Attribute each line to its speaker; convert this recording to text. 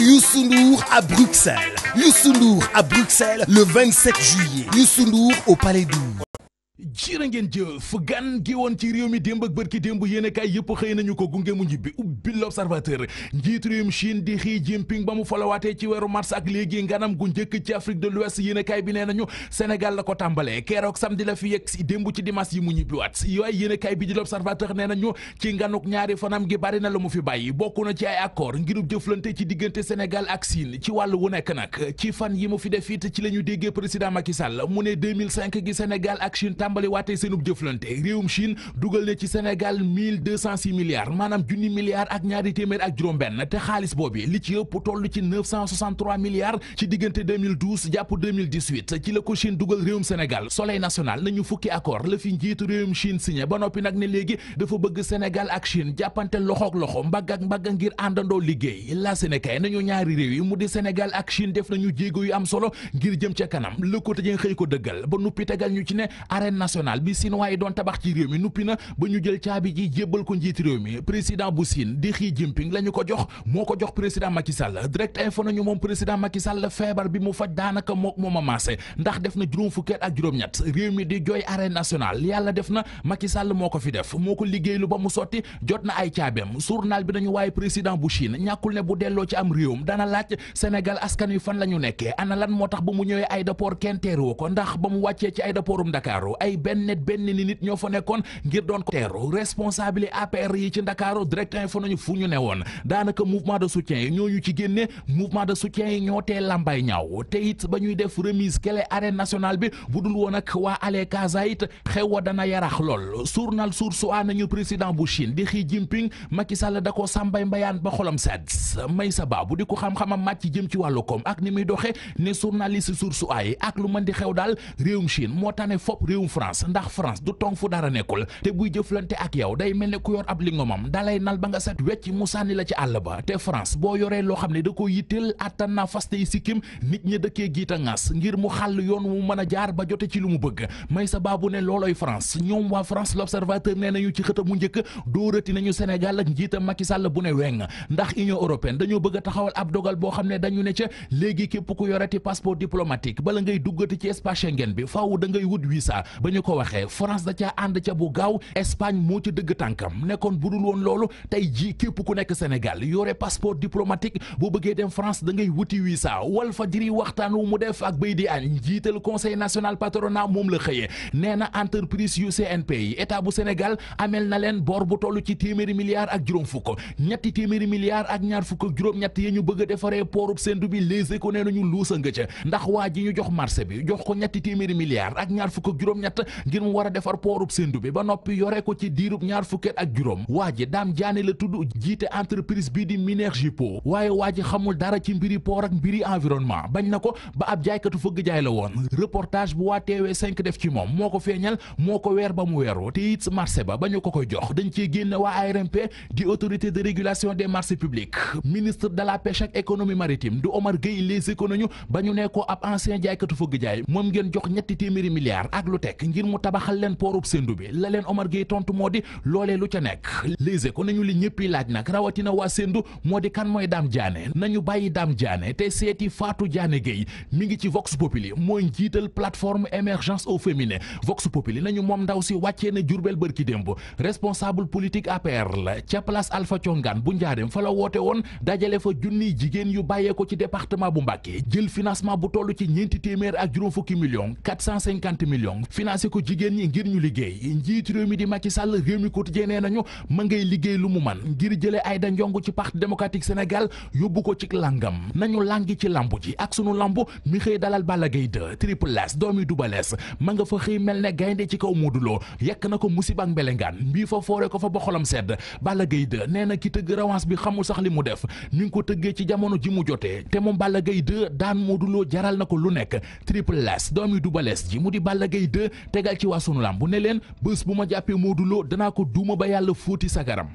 Speaker 1: Youssou Ndour à Bruxelles Youssou Ndour à Bruxelles le 27 juillet Youssou Ndour au Palais 12 jërë ngeen jëf gan gi woon ci réew mi démb ak bërki démb yéenekaay yëpp xëy nañu ko gu mu ñibbi ubbi l'observateur njiitu réewum Chine di Xi Jinping ba mu falawaatee ci weeru mars ak léegi nganam gu njëkk ci Afrique de l'Ouest yéenekaay bi nee nañu Sénégal la ko tàmbalee keroog samedi la fi yegg démb ci dimanche yi mu ñibbiwaat yooyu yéenekaay bi di l'observateur nee nañu ci nganuk ñaari fanam gi bari na la mu fi bàyyi bokk na ci ay accord ngirub ci diggante Sénégal ak ci wàllu wu nekk nag ci fan yi mu fi def it ci la ñu déggee président Macky Sall mu ne 2005 gi Sénégal ak Chine tàmbali waatee seenub jëflante réewum Chine dugal na ci Sénégal 1206 maanaam junni milliards ak ñaari téeméer ak juróom-benn te xaalis boobu li ci ëpp toll ci 963 milliards ci diggante 2012 jàpp 2018 ci la ko Chine dugal réewum Sénégal soleil national nañu fukki accord la fi njiitu réewum Chine signé ba noppi nag ne léegi dafa bëgg Sénégal ak Chine jàppante loxoog loxo mbagg ak mbagg ngir àndandoo liggéey la Sénégal nañu ñaari réew yi mu di Sénégal ak Chine def nañu jéego yu am solo ngir jëm ca kanam Le Quotidien xëy ko dëggal ba noppi tegal ñu ci ne nationale bi chinois yi doon tabax ci réew mi nuppi na ba ñu jël caabi ji jébbal ko njiit réew mi président bu Chine di Xi Jinping la ko jox moo ko jox président Macky Sall direct info nañu moom président Macky Sall feebar bi mu faj daanaka mook moom a maase ndax def na juróom fukki at ak juróom-ñett réew mi di jooy arène nationale yàlla def na Macky Sall moo ko fi def moo ko liggéey liggéeylu ba mu sotti jot na ay caabeem journal bi nañu waaye président bu Chine ñàkkul ne bu delloo ci am réewum dana laaj Sénégal askan wi fan la ñu nekkee ana lan moo tax ba mu ñëwee aéroport kenn ko ndax ba mu wàccee ci aéroportum ay benn ni nit ñoo fa nekkoon ngir doon ko teeru responsable APR yi ci Ndakaaru direct info nañu fu ñu ne woon daanaka mouvement de soutien yi ñoo ñu ci génne mouvement de soutien yi ñoo tee lambay ñaaw te it ba ñuy def remise kele arène nationale bi bu dul woon ak waa ale Kaza it xew wa dana yarax lool journal Source A nañu président bu Chine di Xi Jinping Macky Sall da ko sambay mbayaan ba xolam sedd may sa baabu di ko xam-xamam màcc jëm ci wàllu koom ak ni muy doxe ne journaliste Source A yi ak lu mën di xew daal France ndax France du tong fu dara nekkul te buy jëflante ak yow day mel ne ku yor ab lingomam dalay nal ba nga set wecc mu sànni la ci àll ba te France boo yoree loo xam ne da ko yitteel attan naa faste yi sikkim nit ñi dëkkee giita ngas ngir mu xàll yoon wu mën a jaar ba jote ci lu mu bëgg may sa baabu ne looloy France ñoom waa France l'observateur nee nañu ci xët mu njëkk dóorati nañu Sénégal ak njiitam Macky bu ne weng ndax Union européenne dañoo bëgg a taxawal boo xam ne dañu ne ca léegi képp ku yoreti passeport diplomatique bala ngay ba ñu ko waxee France da ca ànd ca bu gaaw Espagne moo ca dëgg tànkam nekkoon budul woon loolu tey jii képp ku nekk Sénégal yore passeport diplomatique boo bëggee dem France da ngay wuti visa wal fa jiri waxtaan wu mu def ak bay di añ jiital conseil national patrona moom la xëyee nee na entreprise yu CNP yi état bu Sénégal ameel na leen bor bu toll ci téeméeri milliards ak juróom fukk ñetti téeméeri milliards ak ñaar fukk ak juróom-ñett yi ñu bëgg a defaree porub Sendou bi les éco nee nañu nga ndax waa ji ñu jox marché bi jox ko ñetti téeméeri milliards ak ñaar fukk ak juróom ñett ngir mu war a defar poorub Sendou bi ba noppi yore ko ci diirub ñaar fukket ak juróom waa ji daam jaane la tudd jiite entreprise bii di po waaye waa ji xamul dara ci mbiri poor ak mbiri environnement bañ na ko ba ab jaaykatu fëgg jaay la woon reportage bu waa teewee 5 def ci moom moo ko feeñal moo ko weer ba mu weeru te it marché ba ba ko koy jox dañ cee génne waa ARMP di autorité de régulation des marchés publics ministre de la pêche ak économie maritime du Omar Gueye les ba ñu ne ko ab ancien jaay moom ngeen jox ñetti téeméeri milliards ak lu ngir mu tabaxal leen poorub sendu bi la Omar Gueye tontu moo di loolee lu ca nekk léegi ko nañu li ñëpp laaj nag rawatina waa séndu moo di kan mooy Dame Diané nañu bàyyi daam Diané te seeti Fatou Diané Gueye mi ngi ci Vox Populi mooy njiital plateforme émergence au féminin Vox Populi nañu moom ndaw si wàccee na Jurbel bërki démb responsable politique APR la ca place Alpha Thiongan bu Njaareem fa la woote woon dajale fa junniy jigéen yu bàyyee ko ci département bu Mbàkke jël financement bu toll ci ñeenti téeméer ak juróom fukki millions 450 millions menacé ko jigéen ñi ngir ñu liggéey njiitu réew mi di Macky Sall réew mi quotidien nee nañu ma liggéey lu mu man ngir jëlee Aïda Ndiongue ci parti démocratique Sénégal yóbbu ko ci langam nañu langi ci lamb ji ak sunu lamb mi xëy dalal Balla Gaye 2 Triple S doomi Double Less ma nga fa xëy mel ne gaynde ci kaw Modou duloo yekk na ko musiba ak mbelengaan mbii fa foore ko fa ba xolam sedd Balla Gaye 2 nee na ki tëgg revanche bi xamul sax li mu def mi ngi ko tëggee ci jamono ji mu jotee te moom Balla gay 2 daan Modou Lo jaral na ko lu nekk Triple S doomi Double Less ji mu di Balla Gaye 2 tegal ci waa sunu bu ne leen bés bu ma jàppee Modou Lo danaa ko duuma ba yàlla fóoti sagaram